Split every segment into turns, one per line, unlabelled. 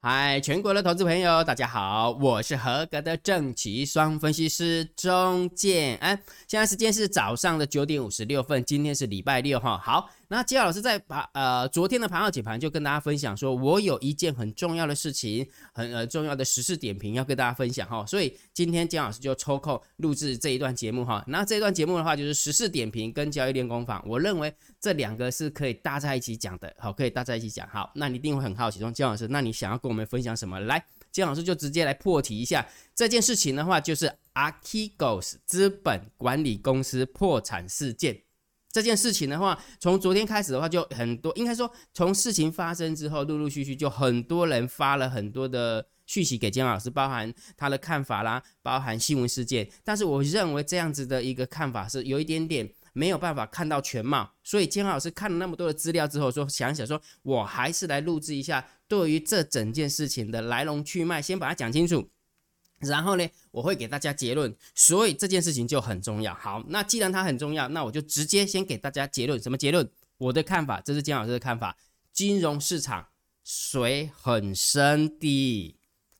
嗨，全國的投資朋友，大家好，我是合格的正奇雙分析師鍾建安。現在時間是早上的九點五十六分，今天是禮拜六哈，好。那鍾老師在盤呃，昨天的盤後解盤就跟大家分享，說我有一件很重要的事情，很呃重要的時事點評要跟大家分享哈，所以今天鍾老師就抽空錄制這一段節目哈。那這一段節目的話就是時事點評跟交易練功坊，我認為這兩個是可以搭在一起講的，好，可以搭在一起講。好，那你一定會很好奇，說鍾老師，那你想要跟我們分享什麼？來，鍾老師就直接來破題一下這件事情的話，就是 Archegos 資本管理公司破產事件。這件事情的話，從昨天開始的話，就很多，應該說從事情發生之後，陸陸續續就很多人發了很多的訊息給建安老師，包含他的看法啦，包含新聞事件。但是我認為這樣子的一個看法是有一點點沒有辦法看到全貌，所以建安老師看了那麼多的資料之後說，說想想說我還是來錄製一下對於這整件事情的來龍去脈，先把它講清楚。然後呢，我會給大家結論，所以這件事情就很重要。好，那既然它很重要，那我就直接先給大家結論。什麼結論？我的看法，這是金老師的看法。金融市場水很深的，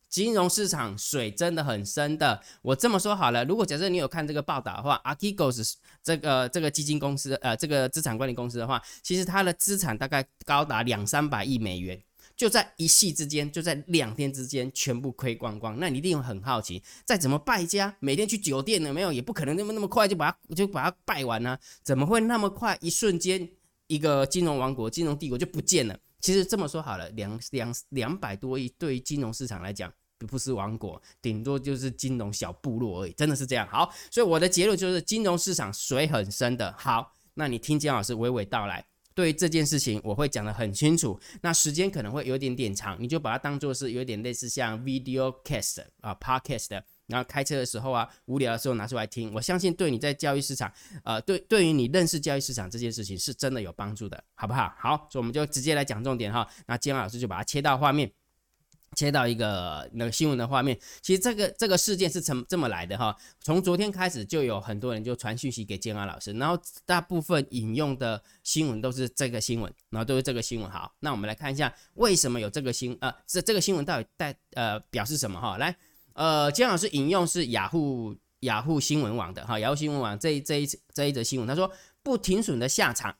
金融市場水真的很深的。我這麼說好了，如果假設你有看這個報道的話，Archegos 這個這個基金公司，呃，這個資產管理公司的話，其實它的資產大概高達兩三百億美元。就在一夕之間，就在兩天之間，全部虧光光。那你一定很好奇，再怎麼敗家，每天去酒店了沒有，也不可能那麼那麼快就把它就把它敗完呢、啊？怎麼會那麼快，一瞬間一個金融王國、金融帝國就不見了？其實這麼說好了，兩兩兩百多億對於金融市場來講，不是王國，頂多就是金融小部落而已。真的是這樣。好，所以我的結論就是，金融市場水很深的。好，那你聽姜老師娓娓道來。對於這件事情，我會講得很清楚。那時間可能會有點點長，你就把它當做是有點類似像 video cast 啊 podcast 然後開車的時候啊，無聊的時候拿出來聽。我相信對你在交易市場，呃，對對於你認識交易市場這件事情是真的有幫助的，好不好？好，所以我們就直接來講重點哈。那今天老師就把它切到畫面。接到一個那個新聞的畫面，其實這個這個事件是這麼這麼來的哈？從昨天開始就有很多人就傳訊息給建安老師，然後大部分引用的新聞都是這個新聞，然後都是這個新聞。好，那我們來看一下為什麼有這個新呃這這個新聞到底帶呃表示什麼哈？來呃建安老師引用是雅虎雅虎新聞網的哈，雅虎新聞網這一這一這一則新聞，他說，不停損的下場，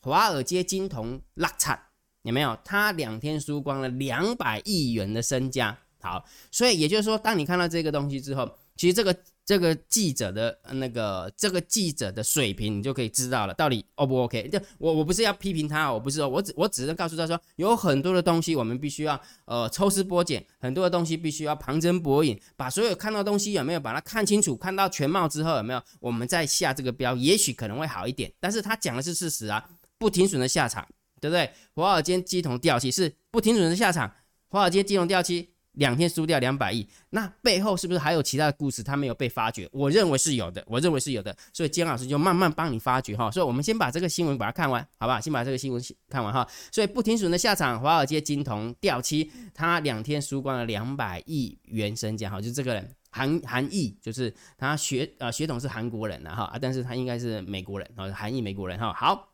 華爾街金童落差。有沒有他兩天輸光了兩百億元的身家？好，所以也就是說，當你看到這個東西之後，其實這個這個記者的那個這個記者的水平，你就可以知道了到底 O 不 OK？就我我不是要批評他，我不是說我只我只能告訴他說，有很多的東西我們必須要呃抽絲剝繭，很多的東西必須要旁徵博引，把所有看到東西有沒有把它看清楚，看到全貌之後有沒有，我們再下這個標，也許可能會好一點。但是他講的是事實啊，不停損的下場。對不對？華爾街金童掉期是不停損的下場。華爾街金童掉期兩天輸掉兩百億，那背後是不是還有其他的故事？他沒有被發掘，我認為是有的，我認為是有的。所以建老師就慢慢幫你發掘哈。所以我們先把這個新聞把它看完，好吧？先把這個新聞看完哈。所以不停損的下場，華爾街金童掉期，他兩天輸光了兩百億元身家哈。就這個人韓韓裔，就是他學啊、呃、血統是韓國人哈，但是他應該是美國人啊，韓裔美國人哈。好。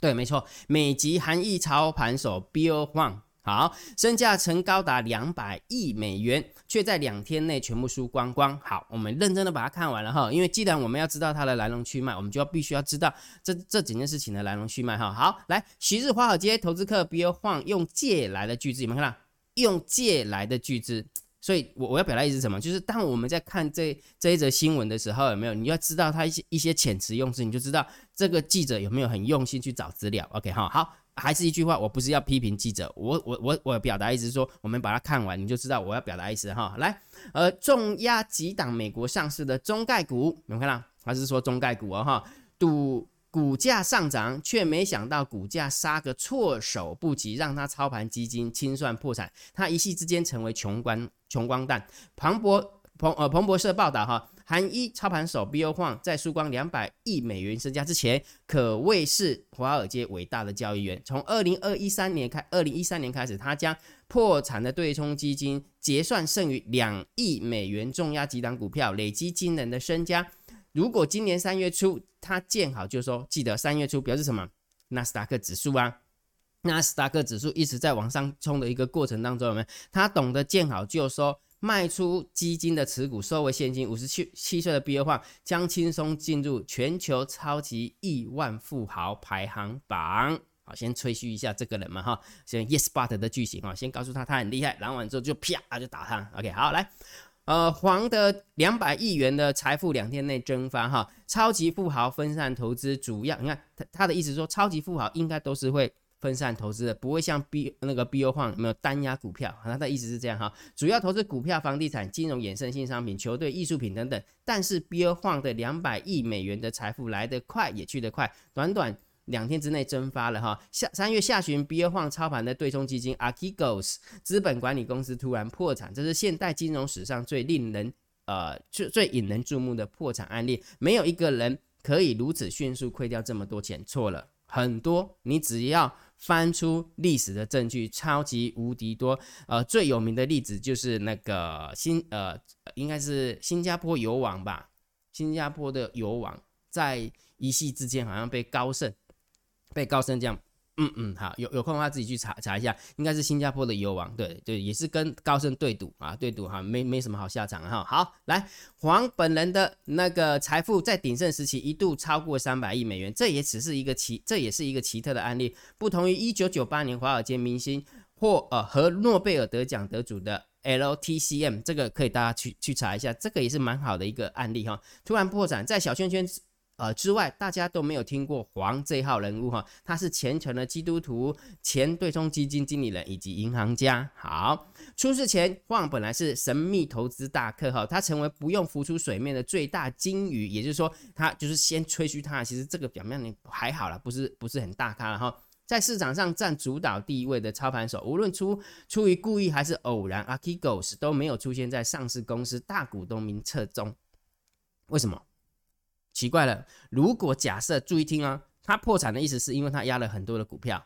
對，沒錯，美籍韓裔操盤手 Bill Hwang，好，身價曾高達兩百億美元，卻在兩天內全部輸光光。好，我們認真的把它看完了哈，因為既然我們要知道它的來龍去脈，我們就要必須要知道這這幾件事情的來龍去脈哈。好，來，昔日華爾街投資客 Bill Hwang 用借來的巨資，有沒有看到，用借來的巨資。所以，我我要表達意思是什麼？就是當我們在看這這一則新聞的時候，有沒有你要知道他一些一些遣詞用詞，你就知道這個記者有沒有很用心去找資料。OK 哈，好，還是一句話，我不是要批評記者，我我我我表達意思是說，我們把它看完，你就知道我要表達意思哈。來，呃，重壓幾檔美國上市的中概股，你們看到還是說中概股啊哈，賭。股價上漲，卻沒想到股價殺個措手不及，讓他操盤基金清算破產，他一系之間成為窮光、窮光蛋。彭博彭呃彭博社報道哈，韓一操盤手 BO 晃在輸光兩百億美元身家之前，可謂是華爾街偉大的交易員。從二零二一三年開二零一三年開始，他將破產的對沖基金結算剩餘兩億美元重壓級檔股票，累積驚人的身家。如果今年三月初他見好就收，記得三月初表示什麼？納斯達克指數啊，納斯達克指數一直在往上衝的一個過程當中，有沒有？他懂得見好就收，賣出基金的持股，收回現金。五十七七歲的比爾·化將輕鬆進入全球超級億萬富豪排行榜。好，先吹噓一下這個人嘛，哈，先 Yes But 的句型啊，先告訴他他很厲害，然後完之後就啪就打他。OK，好，來。呃，黃的兩百億元的財富兩天內蒸發哈，超級富豪分散投資主要，你看他他的意思說，超級富豪應該都是會分散投資的，不會像 B 那個 Bill Hwang 沒有單押股票，他的意思是這樣哈，主要投資股票、房地產、金融衍生性商品、球隊、藝術品等等，但是 Bill Hwang 的兩百億美元的財富來得快，也去得快，短短。兩天之內蒸發了哈，下三月下旬，別換操盤的對沖基金 Archegos 資本管理公司突然破產，這是現代金融史上最令人呃最最引人注目的破產案例。沒有一個人可以如此迅速虧掉這麼多錢，錯了很多。你只要翻出歷史的證據，超級無敵多。呃，最有名的例子就是那個新呃應該是新加坡油王吧，新加坡的油王在一夕之間好像被高盛。被高盛這樣，嗯嗯，好，有有空的話自己去查查一下，應該是新加坡的油王，對對，也是跟高盛對賭啊，對賭哈，沒沒什麼好下場哈、啊。好，來，黃本人的那個財富在鼎盛時期一度超過三百億美元，這也只是一個奇，這也是一個奇特的案例，不同於一九九八年華爾街明星或呃和諾貝爾得獎得主的 LTCM，這個可以大家去去查一下，這個也是蠻好的一個案例哈、啊。突然破產，在小圈圈。呃，之外，大家都沒有聽過黃這一號人物哈，他是虔誠的基督徒、前對沖基金經理人以及銀行家。好，出事前，黃本來是神秘投資大客哈，他成為不用浮出水面的最大鯨魚，也就是說，他就是先吹噓他，其實這個表面你還好了，不是不是很大咖了哈。在市場上佔主導地位的操盤手，無論出出於故意還是偶然，Archegos 都沒有出現在上市公司大股東名冊中，為什麼？奇怪了，如果假設，注意聽啊，他破產的意思是因為他壓了很多的股票，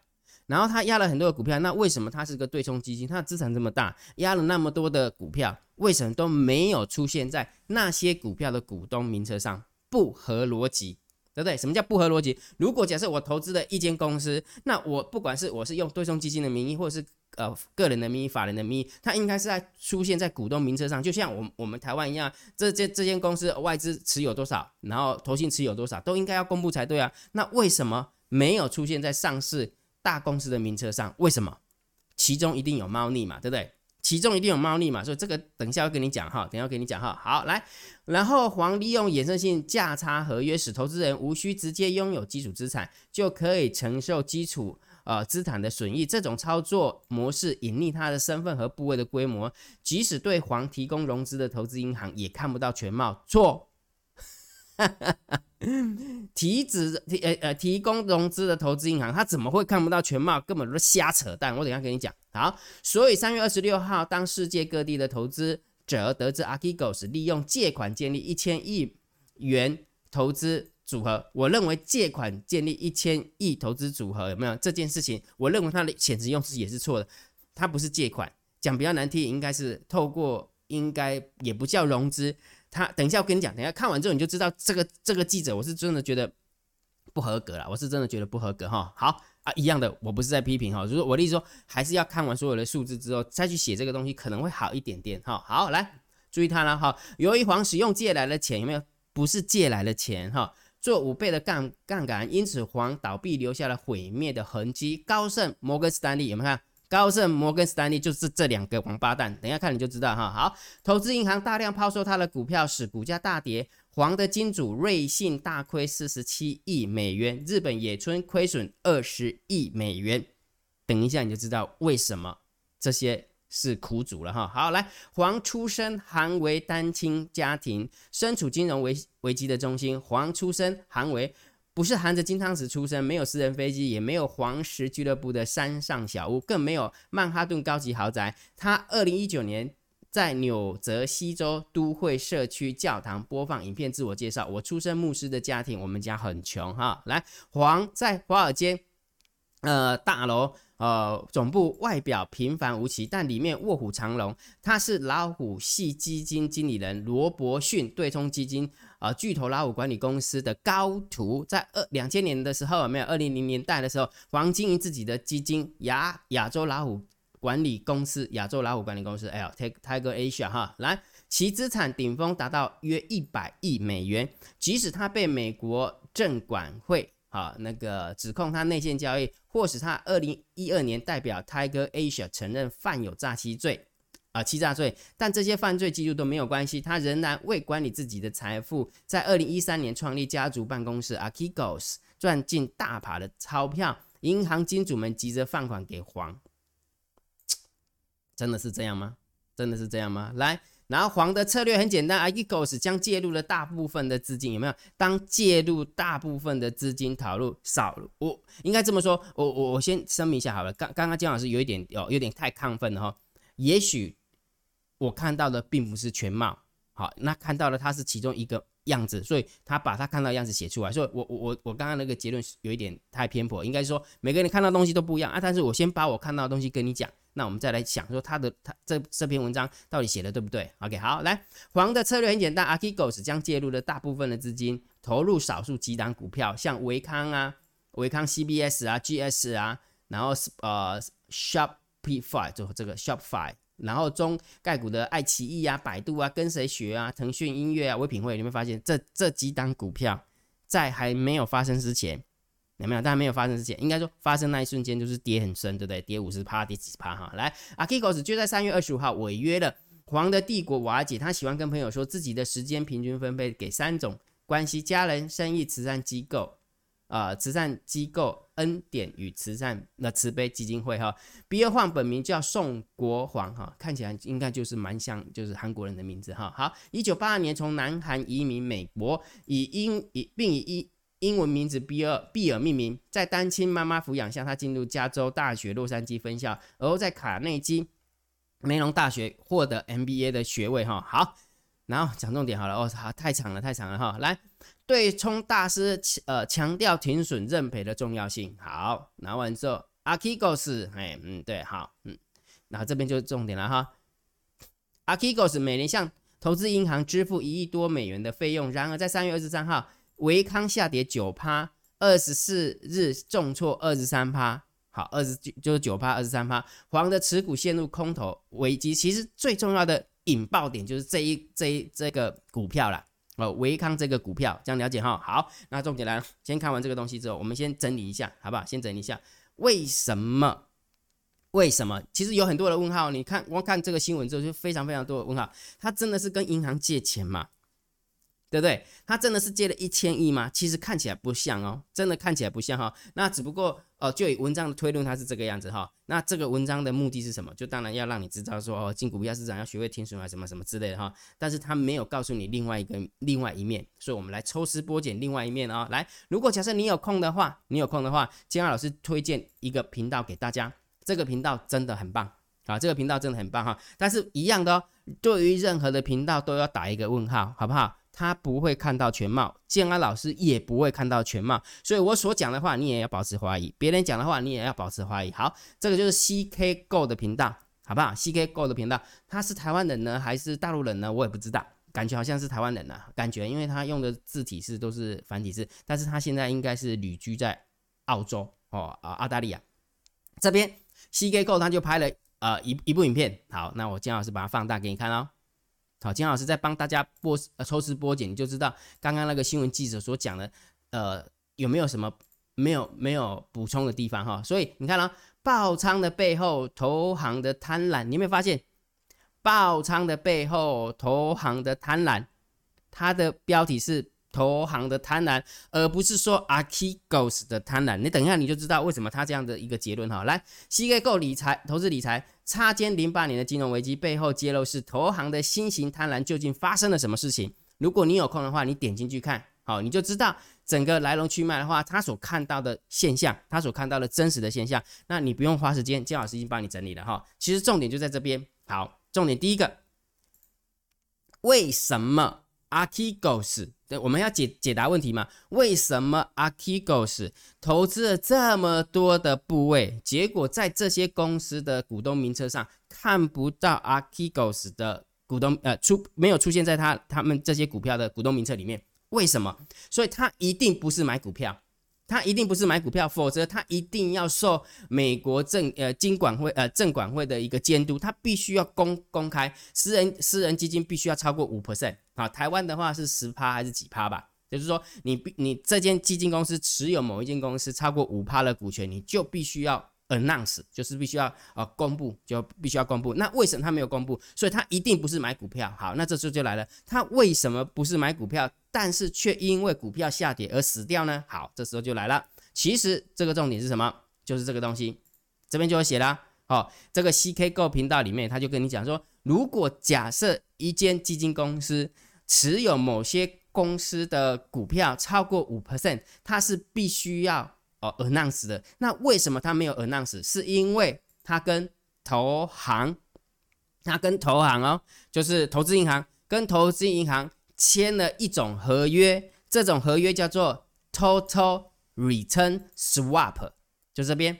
然後他壓了很多的股票，那為什麼他是個對沖基金，他的資產這麼大，壓了那麼多的股票，為什麼都沒有出現在那些股票的股東名冊上？不合邏輯，對不對？什麼叫不合邏輯？如果假設我投資了一間公司，那我不管是我是用對沖基金的名義，或是呃，個人的名義、法人的名義，它應該是在出現在股東名冊上，就像我們我們台灣一樣，這間這間公司外資持有多少，然後投信持有多少，都應該要公布才對啊。那為什麼沒有出現在上市大公司的名冊上？為什麼？其中一定有貓膩嘛，對不對？其中一定有貓膩嘛，所以這個等一下要跟你講哈，等下要跟你講哈。好，來，然後黃利用衍生性價差合約，使投資人無需直接擁有基礎資產，就可以承受基礎。呃，資產的損益，這種操作模式，隱匿他的身份和部位的規模，即使對黃提供融資的投資銀行也看不到全貌。錯， 提子提呃呃提供融資的投資銀行，他怎麼會看不到全貌？根本是瞎扯淡。我等下跟你講好。所以三月二十六號，當世界各地的投資者得知阿基哥是利用借款建立一千億元投資組合，我認為借款建立一千億投資組合有沒有這件事情？我認為它的遣詞用字也是錯的，它不是借款，講比較難聽，應該是透過應該也不叫融資。它等一下我跟你講，等一下看完之後你就知道這個這個記者我是真的覺得不合格了，我是真的覺得不合格哈。好啊，一樣的，我不是在批評哈，就是我的意思說還是要看完所有的數字之後再去寫這個東西可能會好一點點哈。好，來注意它了哈，由於黃使用借來的錢有沒有？不是借來的錢哈。做五倍的槓槓桿，因此黃倒閉留下了毀滅的痕跡。高盛、摩根士丹利有沒有看？高盛、摩根士丹利就是這兩個王八蛋。等一下看你就知道哈。好，投資銀行大量拋售他的股票，使股價大跌。黃的金主瑞信大虧四十七億美元，日本野村虧損二十億美元。等一下你就知道為什麼這些。是苦主了哈。好，來，黃出身，韓為單親家庭，身處金融危危機的中心。黃出身，韓為不是含着金湯匙出生，沒有私人飛機，也沒有黃石俱樂部的山上小屋，更沒有曼哈頓高級豪宅。他二零一九年在紐澤西州都會社區教堂播放影片，自我介紹：我出生牧師的家庭，我們家很窮哈。來，黃在華爾街，呃，大樓。呃，總部外表平凡無奇，但裡面臥虎藏龍。他是老虎系基金經理人羅伯遜對沖基金，呃，巨頭老虎管理公司的高徒。在二兩千年的時候，沒有二零零年代的時候，黃金怡自己的基金，亞，亞洲老虎管理公司，亞洲老虎管理公司 L、哎、Tiger Asia 哈，來，其資產頂峰達到約一百億美元，即使他被美國證管會。好，那個指控他內線交易，或是他二零一二年代表 Tiger Asia 承認犯有詐欺罪，啊、呃，欺詐罪，但這些犯罪記錄都沒有關係，他仍然未管理自己的財富，在二零一三年創立家族辦公室 Archegos 賺進大把的鈔票，銀行金主們急着放款給黃。真的是這樣嗎？真的是這樣嗎？來。然後黃的策略很簡單啊，Archegos 將介入了大部分的資金有沒有？當介入大部分的資金投入少了，我應該這麼說。我我我先聲明一下好了，剛剛剛金老師有一點哦，有點太亢奮了哈、哦。也許我看到的並不是全貌，好，那看到了他是其中一個樣子，所以他把他看到的樣子寫出來，所以我我我我剛剛那個結論是有一點太偏頗，應該說每個人看到的東西都不一樣啊。但是我先把我看到的東西跟你講。那我們再來想說他，他的他這這篇文章到底寫的對不對？OK，好，來黃的策略很簡單 a 基 u i l 將介入的大部分的資金投入少數幾檔股票，像維康啊、維康 CBS 啊、GS 啊，然後呃 Shopify 就這個 Shopify，然後中概股的愛奇藝啊、百度啊、跟誰學啊、騰訊音樂啊、唯品會，你會發現這這幾檔股票在還沒有發生之前。有沒有？但還沒有發生之前，應該說發生那一瞬間就是跌很深，對不對？跌五十趴，跌幾趴哈？來，Archegos 就在三月二十五號違約了。黃的帝國瓦解。他喜歡跟朋友說自己的時間平均分配給三種關係：家人、生意慈、呃、慈善機構。啊，慈善機構恩典與慈善那、呃、慈悲基金會哈。比爾黃本名叫宋國煌哈，看起來應該就是蠻像，就是韓國人的名字哈。好，一九八二年從南韓移民美國以，以英以並以一。英文名字 Bill 比,比爾命名，在單親媽媽撫養下，他進入加州大學洛杉磯分校，而後在卡內基梅隆大學獲得 MBA 的學位。哈，好，然後講重點好了，哦，太長了，太長了哈。來，對沖大師，呃，強調停損認賠的重要性。好，拿完之後，Archegos，哎，嗯，對，好，嗯，然後這邊就是重點了哈。Archegos 每年向投資銀行支付一億多美元的費用，然而在三月二十三號。維康下跌九趴，二十四日重挫二十三趴，好，二十九就是九趴，二十三趴，黃的持股陷入空頭危機。其實最重要的引爆點就是這一、這一、這個股票啦，哦，維康這個股票，這樣了解哈。好，那重點來了，先看完這個東西之後，我們先整理一下，好不好？先整理一下，為什麼？為什麼？其實有很多的問號，你看，我看這個新聞之後，就非常非常多的問號。它真的是跟銀行借錢嗎？對不對？他真的是借了一千億嗎？其實看起來不像哦，真的看起來不像哈、哦。那只不過哦、呃，就以文章的推論，它是這個樣子哈、哦。那這個文章的目的是什麼？就當然要讓你知道說哦，進股票市場要學會聽什麼、啊、什麼什麼之類的哈、哦。但是他沒有告訴你另外一個另外一面，所以我們來抽絲剝繭另外一面哦。來，如果假設你有空的話，你有空的話，建安老師推薦一個頻道給大家，這個頻道真的很棒啊，這個頻道真的很棒哈、哦。但是一樣的哦，對於任何的頻道都要打一個問號，好不好？他不會看到全貌，建安老師也不會看到全貌，所以我所講的話你也要保持懷疑，別人講的話你也要保持懷疑。好，這個就是 C K Go 的頻道，好不好？C K Go 的頻道，他是台灣人呢，還是大陸人呢？我也不知道，感覺好像是台灣人呢、啊，感覺，因為他用的字體是都是繁體字，但是他現在應該是旅居在澳洲哦，啊，澳大利亞這邊 C K Go 他就拍了呃一一部影片，好，那我建安老師把它放大給你看哦。好，金老師在幫大家播呃，抽絲剝繭，你就知道剛剛那個新聞記者所講的，呃，有沒有什麼沒有沒有補充的地方哈？所以你看啊，爆倉的背後，投行的貪婪，你有沒有發現爆倉的背後，投行的貪婪？它的標題是。投行的貪婪，而不是說 Archegos 的貪婪。你等一下你就知道為什麼他這樣的一個結論哈。來，Archegos 理財投資理財插肩零八年的金融危機背後揭露，是投行的新型貪婪，究竟發生了什麼事情？如果你有空的話，你點進去看，好，你就知道整個來龍去脈的話，他所看到的現象，他所看到的真實的現象，那你不用花時間，金老師已經幫你整理了哈。其實重點就在這邊。好，重點第一個，為什麼？Archegos 對，我們要解解答問題嘛？為什麼 Archegos 投資了這麼多的部位，結果在這些公司的股東名冊上看不到 Archegos 的股東，呃，出沒有出現在他他們這些股票的股東名冊裡面？為什麼？所以，他一定不是買股票。他一定不是買股票，否則他一定要受美國證呃金管會呃證管會的一個監督，他必須要公公開，私人私人基金必須要超過五 percent 啊，台灣的話是十趴還是幾趴吧？就是說你必你這間基金公司持有某一間公司超過五趴的股權，你就必須要。Announce 就是必須要啊公布，就必須要公布。那為什麼他沒有公布？所以他一定不是買股票。好，那這時候就來了，他為什麼不是買股票？但是卻因為股票下跌而死掉呢？好，這時候就來了。其實這個重點是什麼？就是這個東西，這邊就會寫啦。好、哦，這個 CKGo 頻道裡面，他就跟你講說，如果假設一間基金公司持有某些公司的股票超過五 percent，它是必須要。哦，oh，announce 的。那為什麼它沒有 announce？是因為它跟投行，它跟投行哦，就是投資銀行跟投資銀行簽了一種合約，這種合約叫做 total return swap，就這邊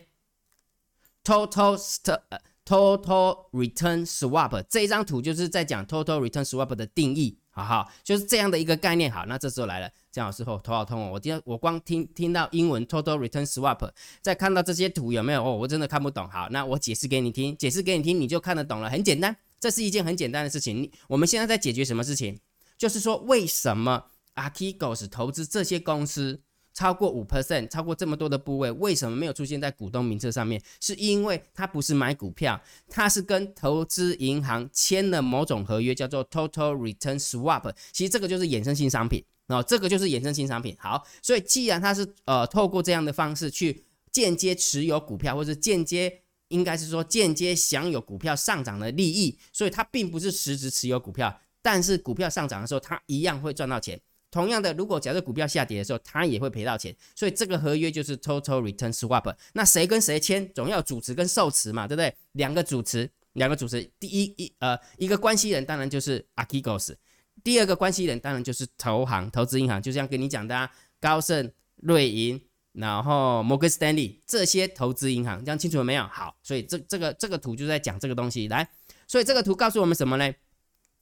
total s、uh, total return swap 這一張圖就是在講 total return swap 的定義，好好，就是這樣的一個概念。好，那這時候來了。講的時候頭好痛哦！我今天我光聽聽到英文 total return swap，再看到這些圖有沒有哦？我真的看不懂。好，那我解釋給你聽，解釋給你聽，你就看得懂了。很簡單，這是一件很簡單的事情。你我們現在在解決什麼事情？就是說，為什麼 Archegos 投資這些公司超過五 percent，超過這麼多的部位，為什麼沒有出現在股東名冊上面？是因為它不是買股票，它是跟投資銀行簽了某種合約，叫做 total return swap。其實這個就是衍生性商品。那、哦、這個就是衍生性商品。好，所以既然它是呃透過這樣的方式去間接持有股票，或是間接應該是說，間接享有股票上漲的利益，所以它並不是實質持有股票，但是股票上漲的時候它一樣會賺到錢。同樣的，如果假設股票下跌的時候，它也會賠到錢。所以這個合約就是 total return swap。那誰跟誰簽？總要主持跟受持嘛，對不對？兩個主持，兩個主持，第一一呃一個關係人當然就是 Archegos。第二個關係人當然就是投行，投資銀行，就這樣跟你講的，啊，高盛、瑞銀，然後摩根士丹利這些投資銀行，這樣清楚了沒有？好，所以這這個這個圖就在講這個東西。來，所以這個圖告訴我們什麼呢？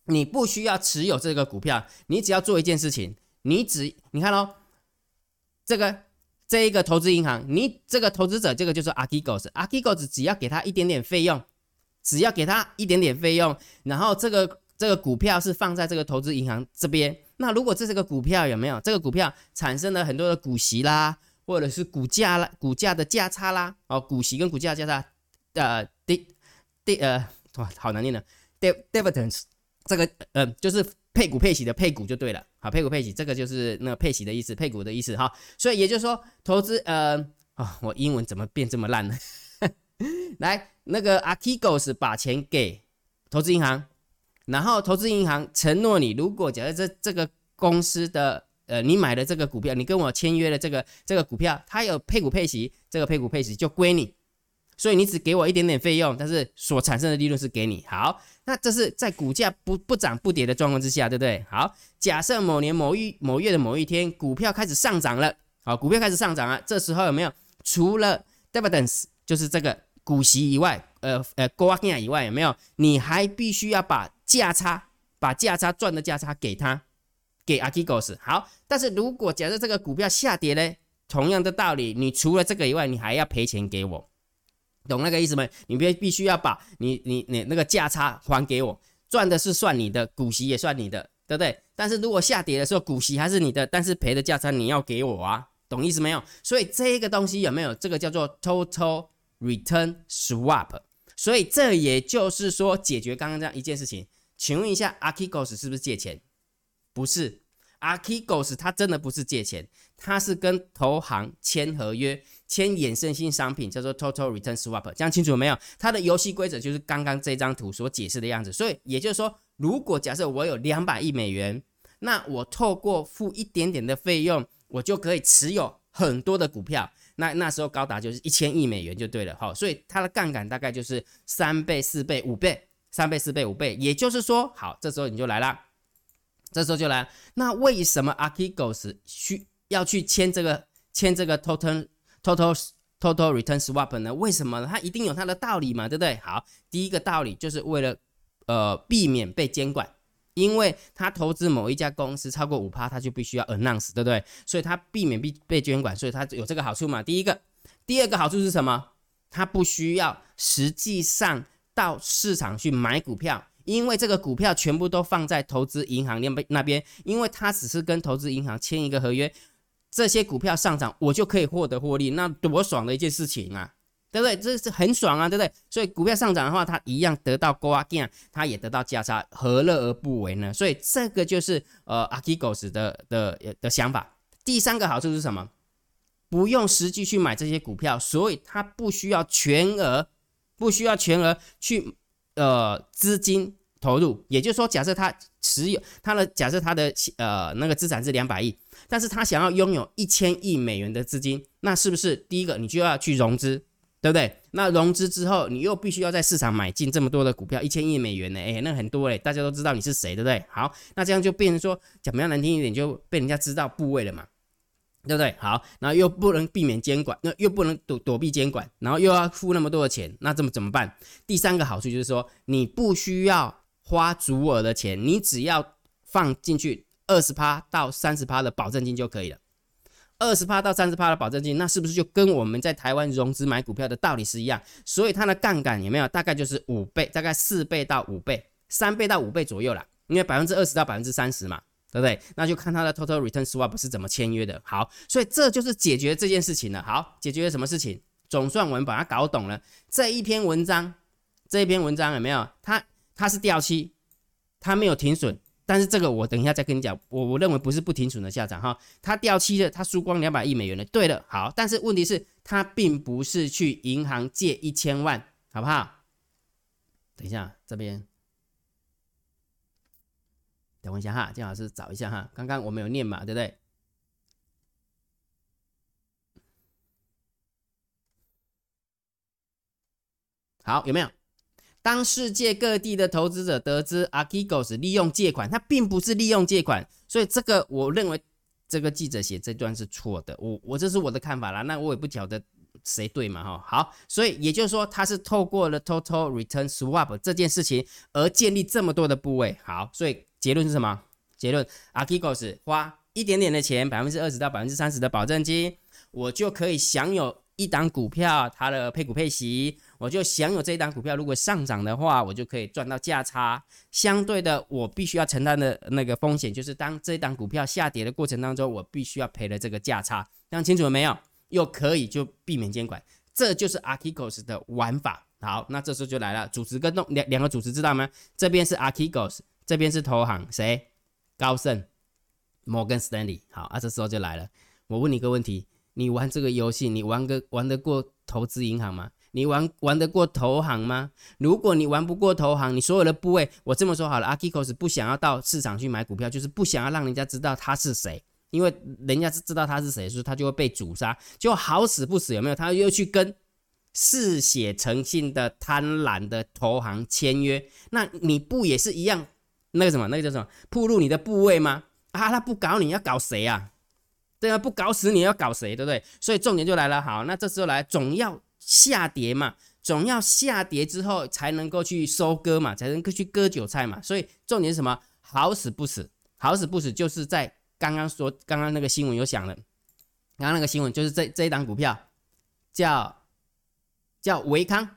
你不需要持有這個股票，你只要做一件事情，你只你看咯，哦，這個這一個投資銀行，你這個投資者，這個就是阿基狗子，阿基狗子只要給他一點點費用，只要給他一點點費用，然後這個。這個股票是放在這個投資銀行這邊。那如果這是個股票，有沒有這個股票產生了很多的股息啦，或者是股價啦，股價的價差啦？哦，股息跟股價的價差，呃滴滴，D, D, 呃，哇，好難念的，dividends。dividends, 這個呃，就是配股配息的配股就對了。好，配股配息這個就是那個配息的意思，配股的意思哈。所以也就是說，投資呃，哦，我英文怎麼變這麼爛呢？ 來，那個 Archegos 把錢給投資銀行。然後投資銀行承諾你，如果假設這這個公司的呃，你買的這個股票，你跟我簽約的這個這個股票，它有配股配息，這個配股配息就歸你，所以你只給我一點點費用，但是所產生的利潤是給你。好，那這是在股價不不漲不跌的狀況之下，對不對？好，假設某年某一某月的某一天，股票開始上漲了，好，股票開始上漲了，這時候有沒有除了 dividends 就是這個股息以外，呃呃，股息以外有沒有？你還必須要把價差，把價差賺的價差給他，給 Archegos，好。但是如果假設這個股票下跌呢，同樣的道理，你除了這個以外，你還要賠錢給我，懂那個意思嗎？你別必須要把你你你，你那個價差還給我，賺的是算你的，股息也算你的，對不對？但是如果下跌的時候，股息還是你的，但是賠的價差你要給我啊，懂意思沒有？所以這個東西有沒有這個叫做 Total Return Swap？所以這也就是說解決剛剛這樣一件事情。請問一下，Archegos 是不是借錢？不是，Archegos 他真的不是借錢，他是跟投行簽合約，簽衍生性商品，叫做 Total Return Swap，講清楚了沒有？它的遊戲規則就是剛剛這張圖所解釋的樣子，所以也就是說，如果假設我有兩百億美元，那我透過付一點點的費用，我就可以持有很多的股票，那那時候高達就是一千億美元就對了，好，所以它的槓桿大概就是三倍、四倍、五倍。三倍、四倍、五倍，也就是說，好，這時候你就來了，這時候就來了。那為什麼 Archegos 需要去簽這個、簽這個 Total Total Total Return Swap 呢？為什麼？它一定有它的道理嘛，對不對？好，第一個道理就是為了呃避免被監管，因為它投資某一家公司超過五趴，它就必須要 announce，對不對？所以它避免被被監管，所以它有這個好處嘛。第一個，第二個好處是什麼？它不需要，實際上。到市場去買股票，因為這個股票全部都放在投資銀行那邊那邊，因為他只是跟投資銀行簽一個合約，這些股票上漲我就可以獲得獲利，那多爽的一件事情啊，對不對？這是很爽啊，對不對？所以股票上漲的話，它一樣得到掛單，它也得到價差，何樂而不為呢？所以這個就是呃 Archegos 的的的的想法。第三個好處是什麼？不用實際去買這些股票，所以他不需要全額。不需要全額去呃資金投入，也就是說，假設他持有他的假設他的呃那個資產是兩百億，但是他想要擁有一千億美元的資金，那是不是第一個你就要去融資，對不對？那融資之後，你又必須要在市場買進這麼多的股票一千億美元呢？欸，那很多欸，大家都知道你是誰，對不對？好，那這樣就變成說，講比較難聽一點，就被人家知道部位了嘛。對不對？好，然後又不能避免監管，那又不能躲躲避監管，然後又要付那麼多的錢，那這麼怎麼辦？第三個好處就是說，你不需要花足額的錢，你只要放進去二十趴到三十趴的保證金就可以了。二十趴到三十趴的保證金，那是不是就跟我們在台灣融資買股票的道理是一樣？所以它的槓桿有沒有？大概就是五倍，大概四倍到五倍，三倍到五倍左右啦，因為百分之二十到百分之三十嘛。對不對？那就看他的 total return swap 是怎麼簽約的。好，所以這就是解決這件事情了。好，解決了什麼事情？總算我們把它搞懂了。這一篇文章，這一篇文章有沒有？它它是掉期，它沒有停損。但是這個我等一下再跟你講。我我認為不是不停損的下場哈。它掉期的，它輸光兩百億美元了。對了，好，但是問題是它並不是去銀行借一千萬，好不好？等一下這邊。等一下哈，金老師找一下哈。剛剛我沒有念嘛，對不對？好，有沒有？當世界各地的投資者得知 Archegos 利用借款，它並不是利用借款，所以這個我認為這個記者寫這段是錯的。我我這是我的看法啦，那我也不曉得誰對嘛哈。好，所以也就是說，他是透過了 Total Return Swap 這件事情而建立這麼多的部位。好，所以。結論是什麼？結論，Archegos 花一點點的錢，百分之二十到百分之三十的保證金，我就可以享有一檔股票它的配股配息，我就享有這一檔股票。如果上漲的話，我就可以賺到價差。相對的，我必須要承擔的那個風險就是當這一檔股票下跌的過程當中，我必須要賠了這個價差。這樣清楚了沒有？又可以就避免監管，這就是 Archegos 的玩法。好，那這時候就來了，主持跟弄兩兩個主持知道嗎？這邊是 Archegos。這邊是投行，誰？高盛、摩根士丹利。好啊，這時候就來了。我問你一個問題：你玩這個遊戲，你玩個玩得過投資銀行嗎？你玩玩得過投行嗎？如果你玩不過投行，你所有的部位，我這麼說好了，Archegos 不想要到市場去買股票，就是不想要讓人家知道他是誰，因為人家是知道他是誰，所以他就會被誅殺，就好死不死，有沒有？他又去跟嗜血成性的貪婪的投行簽約，那你不也是一樣？那個什麼，那個叫什麼，暴露你的部位嗎？啊，他不搞你要搞誰啊？對啊，不搞死你要搞誰？對不對？所以重點就來了。好，那這時候來總要下跌嘛，總要下跌之後才能夠去收割嘛，才能夠去割韭菜嘛。所以重點是什麼？好死不死，好死不死，就是在剛剛說剛剛那個新聞有講了，剛剛那個新聞就是這這一檔股票叫叫維康，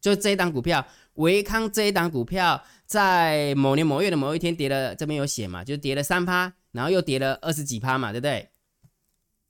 就是這一檔股票。維康這一檔股票在某年某月的某一天跌了，這邊有寫嘛？就是跌了三趴，然後又跌了二十幾趴嘛，對不對？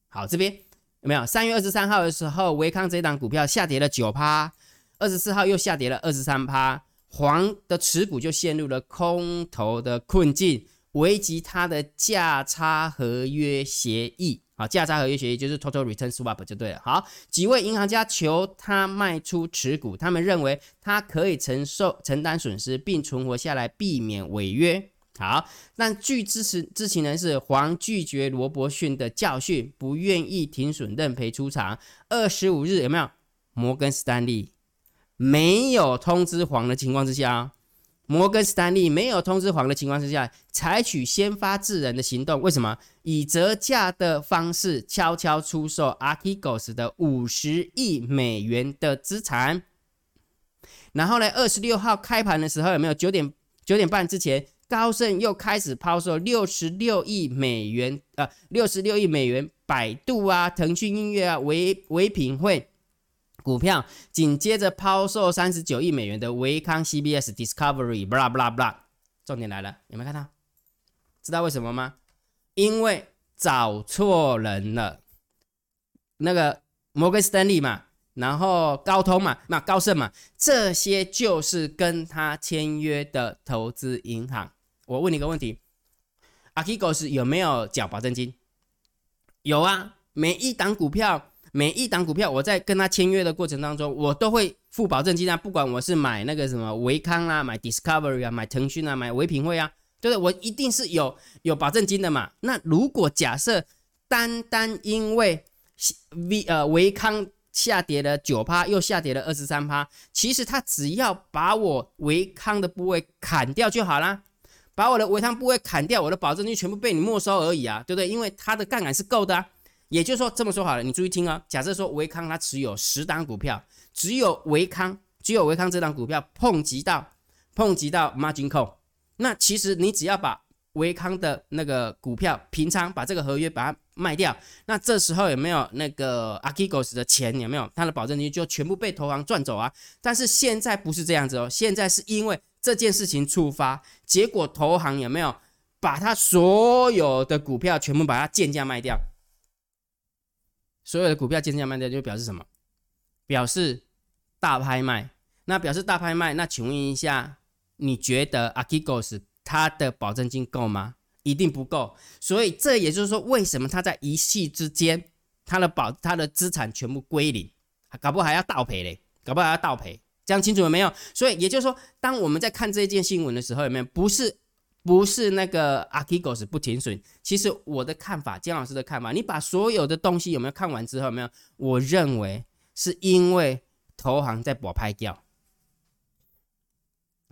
好，這邊有沒有？三月二十三號的時候，維康這一檔股票下跌了九趴，二十四號又下跌了二十三趴，黃的持股就陷入了空頭的困境，危及它的價差合約協議。好，價差合約協議就是 total return swap 就對了。好，幾位銀行家求他賣出持股，他們認為他可以承受承擔損失並存活下來，避免違約。好，那據知情知情人士，黃拒絕羅伯遜的教訓，不願意停損認賠出場。二十五日有沒有摩根士丹利沒有通知黃的情況之下，摩根士丹利沒有通知黃的情況之下，採取先發制人的行動，為什麼？以折價的方式悄悄出售 Archegos 的五十億美元的資產，然後呢，二十六號開盤的時候有沒有九點九點半之前，高盛又開始拋售六十六億美元啊，六十六億美元百度啊，騰訊音樂啊，唯唯品會股票，緊接着拋售三十九億美元的維康 CBS Discovery，blah blah blah，重點來了，有沒有看到？知道為什麼嗎？因為找錯人了，那個摩根士丹利嘛，然後高通嘛，那高盛嘛，這些就是跟他簽約的投資銀行。我問你個問題：Archegos 有沒有繳保證金？有啊，每一檔股票，每一檔股票，我在跟他簽約的過程當中，我都會付保證金啊，不管我是買那個什麼維康啊，買 Discovery 啊，買騰訊啊，買唯品會啊。對，我一定是有有保證金的嘛。那如果假設單單因為 V 呃維康下跌了九趴，又下跌了二十三趴，其實他只要把我維康的部位砍掉就好啦。把我的維康部位砍掉，我的保證金全部被你沒收而已啊，對不對？因為它的槓桿是夠的啊。也就是說這麼說好了，你注意聽啊、哦。假設說維康它持有十檔股票，只有維康只有維康這檔股票碰及到碰及到 margin call。那其實你只要把維康的那個股票平倉，把這個合約把它賣掉，那這時候有沒有那個 Archegos 的錢？有沒有他的保證金就全部被投行賺走啊？但是現在不是這樣子哦，現在是因為這件事情觸發，結果投行有沒有把他所有的股票全部把它賤價賣掉？所有的股票賤價賣掉就表示什麼？表示大拍賣。那表示大拍賣，那請問一下，你覺得 Archegos 他的保證金夠嗎？一定不夠。所以這也就是說，為什麼他在一夕之間，他的保、它的資產全部歸零，搞不好還要倒賠嘞？搞不好還要倒賠，這樣清楚了沒有？所以也就是說，當我們在看這件新聞的時候，有沒有不是不是那個 Archegos 不停損？其實我的看法，姜老師的看法，你把所有的東西有沒有看完之後有，沒有？我認為是因為投行在搏拍掉。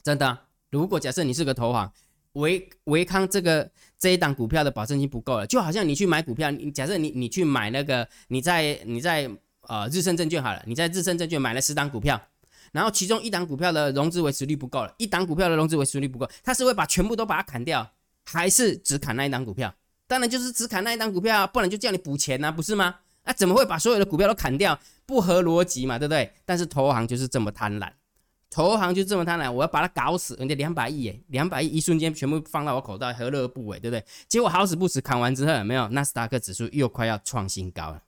真的、啊，如果假設你是個投行，維維康這個這一檔股票的保證金不夠了，就好像你去買股票，你假設你你去買那個，你在你在呃日盛證券好了，你在日盛證券買了十檔股票，然後其中一檔股票的融資維持率不夠了，一檔股票的融資維持率不夠，他是會把全部都把它砍掉，還是只砍那一檔股票？當然就是只砍那一檔股票、啊，不然就叫你補錢呢、啊，不是嗎？啊，怎麼會把所有的股票都砍掉？不合邏輯嘛，對不對？但是投行就是這麼貪婪。投行就這麼貪婪，我要把它搞死，人家兩百億耶，兩百億一瞬間全部放到我口袋，何樂而不為，對不對？結果好死不死，砍完之後沒有，納斯達克指數又快要創新高了。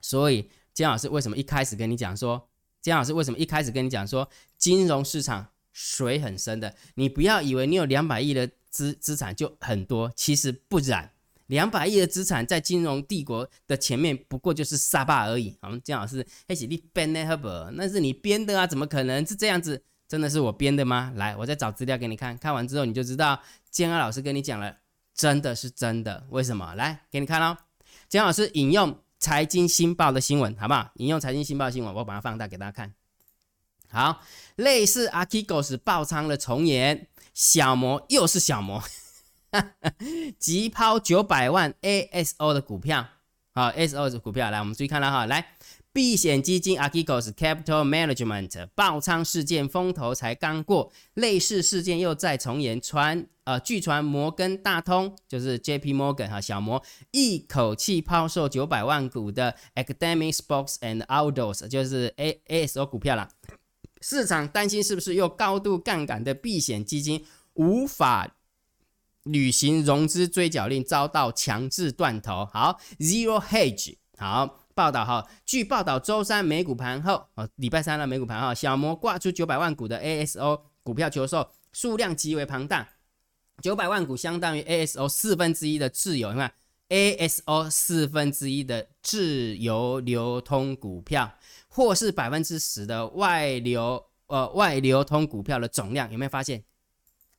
所以姜老師為什麼一開始跟你講說，姜老師為什麼一開始跟你講說，金融市場水很深的，你不要以為你有兩百億的資資產就很多，其實不然。兩百億的資產在金融帝國的前面，不過就是沙霸而已。我們建安老師，那是你編的，的啊？怎麼可能是這樣子？真的是我編的嗎？來，我再找資料給你看，看完之後，你就知道建安老師跟你講了，真的是真的。為什麼？來，給你看嘍。建安老師引用《財經新報》的新聞，好不好？引用《財經新報》新聞，我把它放大給大家看。好，類似 Archegos 爆倉的重演，小摩又是小摩。 急拋九百萬 A S O 的股票，好 A S O 的股票，來，我們注意看了哈，來，避險基金 Archegos Capital Management 爆倉事件風頭才剛過，類似事件又再重演，傳呃據傳摩根大通就是 J P Morgan 哈小摩一口氣拋售九百萬股的 Academy Sports and Outdoors 就是 A A S O 股票了，市場擔心是不是又高度槓桿的避險基金無法。履行融資追繳令遭到強制斷頭。好，Zero Hedge，好報道。好，據報道，週三美股盤後，哦，禮拜三的美股盤哈，小摩掛出九百萬股的 A S O 股票求售，數量極為龐大，九百萬股相當於 A S O 四分之一的自由，你看 A S O 四分之一的自由流通股票，或是百分之十的外流，呃，外流通股票的總量，有沒有發現？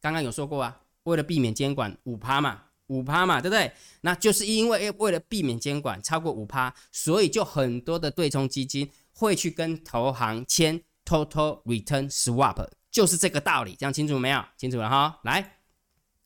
剛剛有說過啊。為了避免監管五趴嘛5，五趴嘛，對不對？那就是因為為了避免監管超過五趴，所以就很多的對沖基金會去跟投行簽 Total Return Swap，就是這個道理。這樣清楚沒有？清楚了哈，來。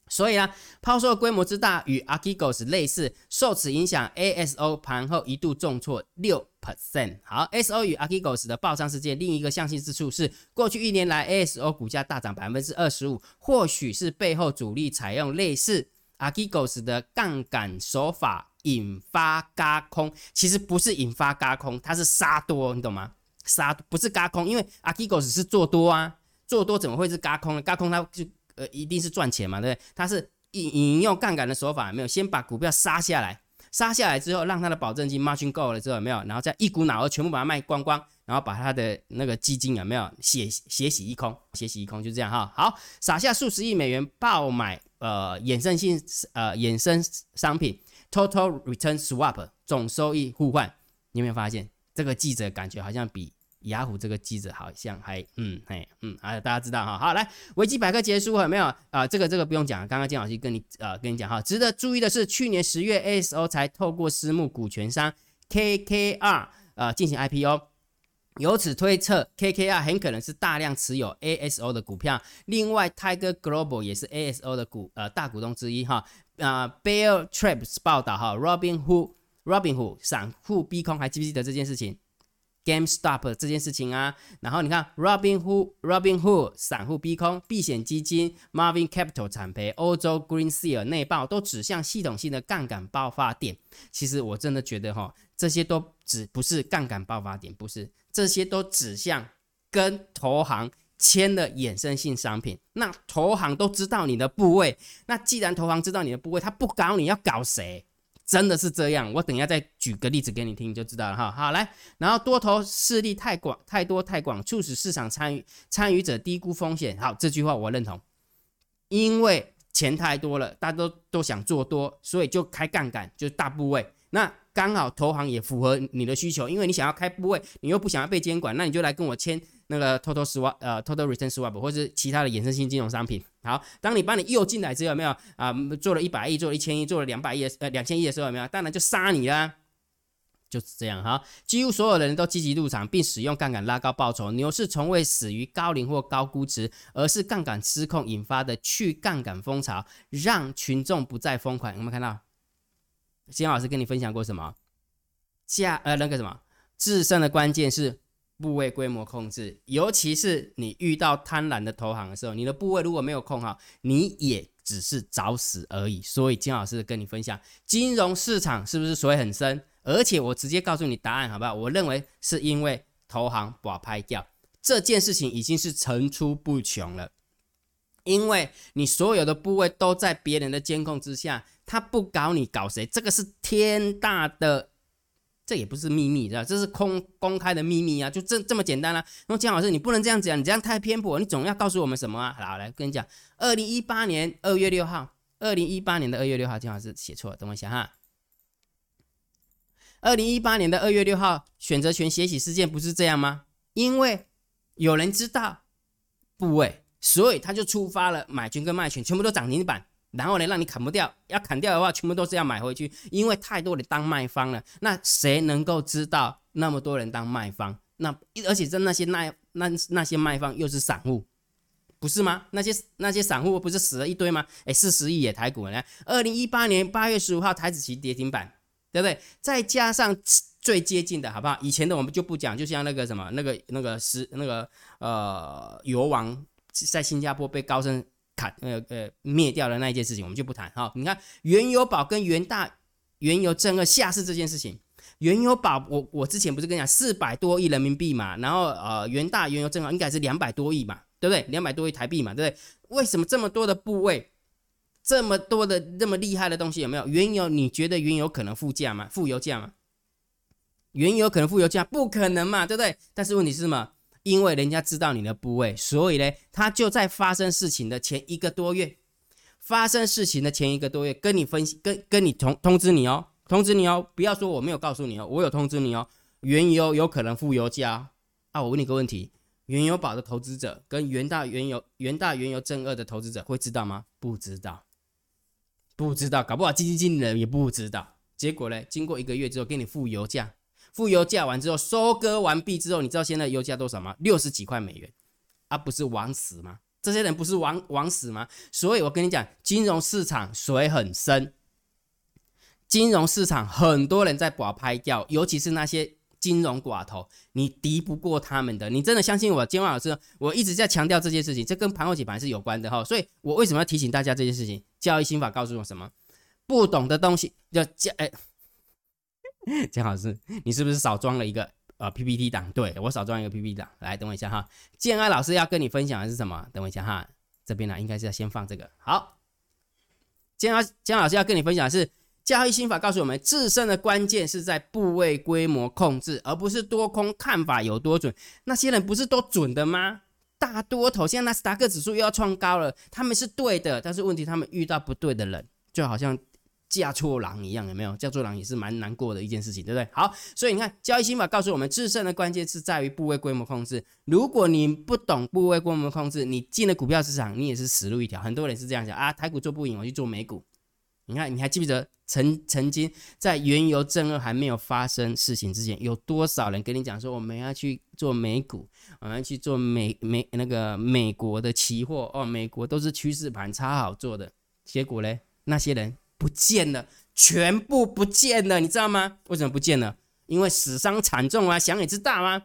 所以呢，拋售規模之大與 a 基 u 斯 l 類似，受此影響，ASO 盤後一度重挫六 percent。好，ASO 與 a 基 u 斯的爆倉事件，另一個相似之處是，過去一年來 ASO 股價大漲百分之二十五，或許是背後主力採用類似 a 基 u 斯的槓桿手法引發加空。其實不是引發加空，它是殺多，你懂嗎？殺不是加空，因為 a 基 u 斯是做多啊，做多怎麼會是加空呢？加空它就。呃，一定是賺錢嘛，對不對？他是引引用槓桿的手法，沒有先把股票殺下來，殺下來之後，讓他的保證金 margin go 了之後，沒有，然後再一股腦兒全部把它賣光光，然後把他的那個基金有沒有血血洗一空，血洗一空就這樣哈。好，撒下數十億美元爆買呃衍生性，呃衍生商品 Total Return Swap 總收益互換，你有沒有發現這個記者感覺好像比？雅虎這個機子好像還嗯哎嗯啊，大家知道哈好來維基百科結束了沒有啊？這個這個不用講，剛剛金老師跟你呃、啊、跟你講哈，值得注意的是，去年十月 A S O 才透過私募股權商 K K R 呃、啊、進行 I P O，由此推測 K K R 很可能是大量持有 A S O 的股票。另外 Tiger Global 也是 A S O 的股呃、啊、大股東之一哈啊 Bear Traps 報道哈、啊、Robin Hood Robin Hood 散戶逼空，還記不記得這件事情？GameStop 這件事情啊，然後你看 Robinhood、Robinhood 散戶逼空，避險基金 Marvin Capital 慘賠，歐洲 Greensill 內爆，都指向系統性的槓桿爆發點。其實我真的覺得哈、哦，這些都指不是槓桿爆發點，不是這些都指向跟投行簽的衍生性商品。那投行都知道你的部位，那既然投行知道你的部位，他不搞你要搞誰？真的是這樣，我等一下再舉個例子給你聽就知道了哈。好，來，然後多頭勢力太廣太多太廣，促使市場參與參與者低估風險。好，這句話我認同，因為錢太多了，大家都都想做多，所以就開槓桿就大部位。那剛好投行也符合你的需求，因為你想要開部位，你又不想要被監管，那你就來跟我簽。那個 total swap，呃，uh，total return swap，或者是其他的衍生性金融商品。好，當你把你誘進來之後，有沒有啊，做了一百億，做了一千億，做了兩百億呃，兩千億的時候，有沒有？當然就殺你啦，就是這樣哈。幾乎所有人都積極入場，並使用槓桿拉高報酬。牛市從未死於高齡或高估值，而是槓桿失控引發的去槓桿風潮，讓群眾不再瘋狂。有沒有看到？金老師跟你分享過什麼？下，呃，那個什麼，制勝的關鍵是。部位規模控制，尤其是你遇到貪婪的投行的時候，你的部位如果沒有控好，你也只是找死而已。所以金老師跟你分享，金融市場是不是水很深？而且我直接告訴你答案，好不好？我認為是因為投行不好拍掉這件事情已經是層出不窮了，因為你所有的部位都在別人的監控之下，他不搞你搞誰？這個是天大的。這也不是秘密，知道這是公公開的秘密啊，就這這麼簡單啊，那麼薑老師，你不能這樣講，你這樣太偏頗。你總要告訴我們什麼啊？好，來跟你講，二零一八年二月六號，二零一八年的二月六號，姜老師寫錯了，等我一下哈。二零一八年的二月六號選擇權血洗事件不是這樣嗎？因為有人知道部位，所以他就觸發了買權跟賣權，全部都漲停板。然後呢，讓你砍不掉，要砍掉的話，全部都是要買回去，因為太多人當賣方了。那誰能夠知道那麼多人當賣方？那而且這那些賣那那，那些賣方又是散戶，不是嗎？那些那些散戶不是死了一堆嗎？哎，四十億也台股呢，二零一八年八月十五號，台子期跌停板，對不對？再加上最接近的，好不好？以前的我們就不講，就像那個什麼，那個那個那個、那個、呃遊王在新加坡被高升。卡、呃，呃呃滅掉的那一件事情，我們就不談哈、哦。你看原油寶跟元大原油正二下市這件事情，原油寶我我之前不是跟你講四百多億人民幣嘛，然後呃元大原油正二應該是兩百多億嘛，對不對？兩百多億台幣嘛，對不對？為什麼這麼多的部位，這麼多的這麼厲害的東西有沒有？原油你覺得原油可能負價嗎？負油價嗎？原油可能負油價不可能嘛，對不對？但是問題是什麼？因為人家知道你的部位，所以呢，他就在發生事情的前一個多月，發生事情的前一個多月，跟你分析，跟跟你通通知你哦，通知你哦，不要說我沒有告訴你哦，我有通知你哦。原油有可能負油價哦，啊，我問你個問題，原油寶的投資者跟元大原油元大原油正二的投資者會知道嗎？不知道，不知道，搞不好基金經理人也不知道。結果呢，經過一個月之後，給你負油價。負油價完之後，收割完畢之後，你知道現在油價多少嗎？六十幾塊美元，啊，不是枉死嗎？這些人不是枉枉死嗎？所以我跟你講，金融市場水很深，金融市場很多人在擺拍掉，尤其是那些金融寡頭，你敵不過他們的。你真的相信我，金旺老師，我一直在強調這件事情，這跟盤後解盤是有關的哈。所以我為什麼要提醒大家這件事情？交易心法告訴我什麼？不懂的東西要加哎。江老師，你是不是少裝了一個呃 PPT 檔？對我少裝一個 PPT 檔。來，等我一下哈。建安老師要跟你分享的是什麼？等我一下哈。這邊呢、啊，應該是要先放這個。好，建安,建安老師要跟你分享的是《交易心法》，告訴我們，制勝的關鍵是在部位規模控制，而不是多空看法有多準。那些人不是都準的嗎？大多頭，像納斯達克指數又要創高了，他們是對的，但是問題他們遇到不對的人，就好像。嫁錯郎一樣有沒有？嫁錯郎也是蠻難過的一件事情，對不對？好，所以你看交易心法告訴我們，制勝的關鍵是在於部位規模控制。如果你不懂部位規模控制，你進了股票市場，你也是死路一條。很多人是這樣想啊，台股做不贏，我去做美股。你看你還記不記得曾曾經在原油正二還沒有發生事情之前，有多少人跟你講說我們要去做美股，我們要去做美美那個美國的期貨哦，美國都是趨勢盤超好做的。結果嘞，那些人。不見了，全部不見了，你知道嗎？為什麼不見了？因為死傷慘重啊！想也知道啊？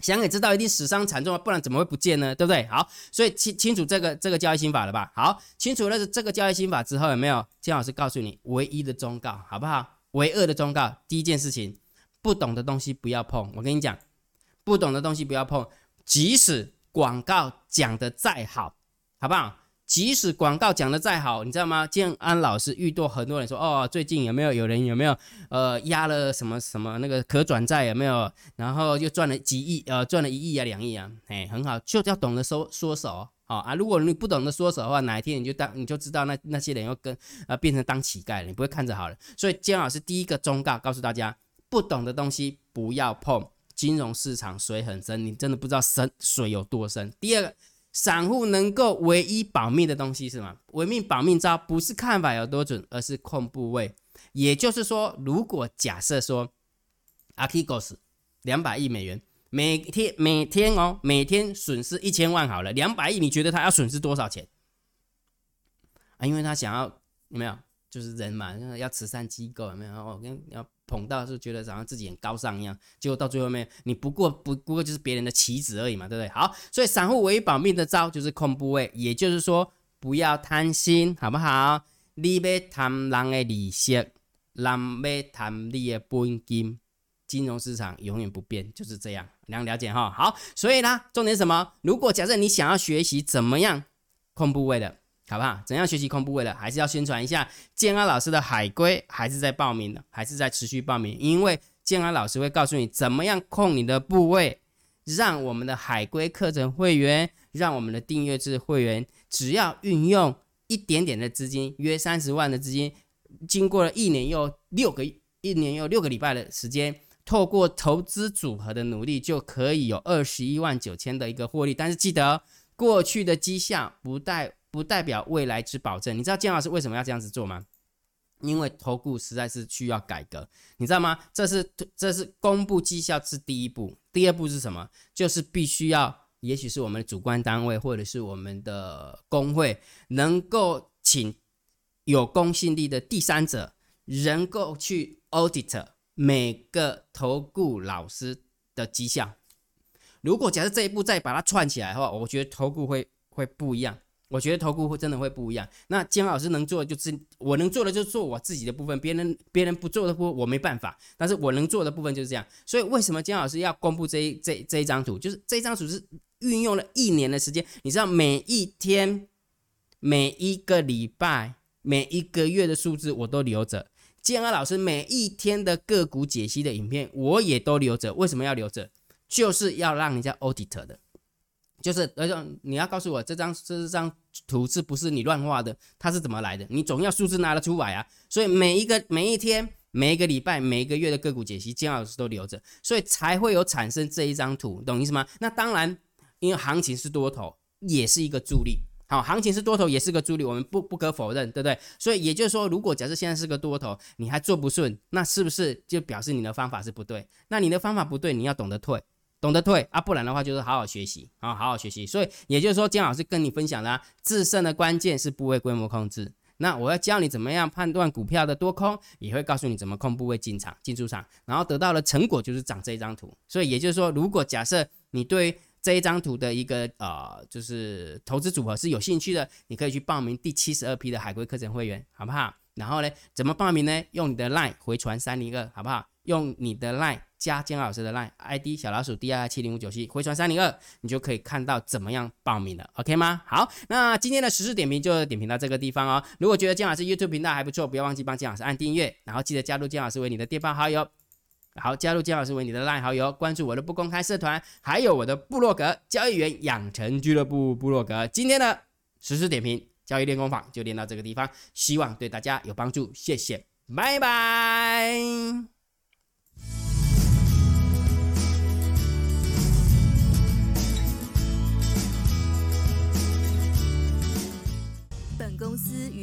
想也知道一定死傷慘重啊，不然怎麼會不見呢？對不對？好，所以清清楚這個這個交易心法了吧？好，清楚了這個交易心法之後，有沒有？金老師告訴你唯一的忠告，好不好？唯二的忠告，第一件事情，不懂的東西不要碰。我跟你講，不懂的東西不要碰，即使廣告講的再好，好不好？即使廣告講得再好，你知道嗎？建安老師遇到很多人說，哦，最近有沒有有人有沒有呃押了什麼什麼那個可轉債有沒有？然後就賺了幾億，呃，賺了一億啊，兩億啊，誒，很好，就要懂得收說縮手，好、哦、啊。如果你不懂得縮手的話，哪一天你就當你就知道那那些人又跟呃變成當乞丐了，你不會看着好了。所以建安老師第一個忠告告訴大家，不懂的東西不要碰，金融市場水很深，你真的不知道深水有多深。第二個。散戶能夠唯一保命的東西是什麼？唯一保命招不是看法有多準，而是控部位。也就是說，如果假設說，阿基哥斯兩百億美元，每天每天哦，每天損失一千萬好了，兩百億你覺得他要損失多少錢？啊，因為他想要有沒有？就是人嘛，要慈善機構有沒有？我、哦、跟要。捧到是覺得好像自己很高尚一樣，結果到最後面你不過不過就是別人的棋子而已嘛，對不對？好，所以散戶唯一保命的招就是控部位，也就是說不要貪心，好不好？你欲貪人的利息，人欲貪你的本金，金融市場永遠不變，就是這樣。你要了解哈？好，所以呢，重點什麼？如果假設你想要學習怎麼樣控部位的？好不好？怎樣學習控部位的？還是要宣傳一下建安老師的海龜，還是在報名的，還是在持續報名？因為建安老師會告訴你，怎麼樣控你的部位，讓我們的海龜課程會員，讓我們的訂閱制會員，只要運用一點點的資金，約三十萬的資金，經過了一年又六個一年又六個禮拜的時間，透過投資組合的努力，就可以有二十一萬九千的一個獲利。但是記得，過去的績效不帶。不代表未來之保證。你知道建老師為什麼要這樣子做嗎？因為投顧實在是需要改革，你知道嗎？這是這是公布績效是第一步，第二步是什麼？就是必須要，也許是我們的主管單位，或者是我們的工會，能夠請有公信力的第三者，能夠去 audit 每個投顧老師的績效。如果假設這一步再把它串起來的話，我覺得投顧會會不一樣。我覺得投顧會真的會不一樣。那建安老師能做的就是，我能做的就做我自己的部分，別人別人不做的部分我沒辦法。但是我能做的部分就是這樣。所以為什麼建安老師要公布這這、這一張圖？就是這張圖是運用了一年的時間，你知道每一天、每一個禮拜、每一個月的數字我都留着。建安老師每一天的個股解析的影片我也都留着。為什麼要留着？就是要讓人家 audit 的。就是，而且你要告訴我這張這張圖是不是你亂畫的？它是怎麼來的？你總要數字拿得出來啊！所以每一個、每一天、每一個禮拜、每一個月的個股解析，金老師都留着，所以才會有產生這一張圖，懂意思嗎？那當然，因為行情是多頭，也是一個助力。好，行情是多頭，也是個助力，我們不不可否認，對不對？所以也就是說，如果假設現在是個多頭，你還做不順，那是不是就表示你的方法是不對？那你的方法不對，你要懂得退。懂得退啊，不然的話就是好好學習啊，好好，好學習。所以也就是說，江老師跟你分享了制勝的關鍵是部位規模控制。那我要教你怎麼樣判斷股票的多空，也會告訴你怎麼控部位進場、進出場，然後得到的成果就是長這一張圖。所以也就是說，如果假設你對這一張圖的一個呃，就是投資組合是有興趣的，你可以去報名第七十二批的海龜課程會員，好不好？然後呢，怎麼報名呢？用你的 line 回傳三零二，好不好？用你的 line。加姜老師的 line ID 小老鼠 dr 七零五九七回傳三零二，你就可以看到怎麼樣報名了，OK 嗎？好，那今天的時事點評就點評到這個地方哦。如果覺得姜老師 YouTube 頻道還不錯，不要忘記幫姜老師按訂閱，然後記得加入姜老師為你的電報好友，好，加入姜老師為你的 line 好友，關注我的不公開社團，還有我的部落格交易員養成俱樂部部落格。今天的時事點評交易練功坊就練到這個地方，希望對大家有幫助，謝謝，拜拜。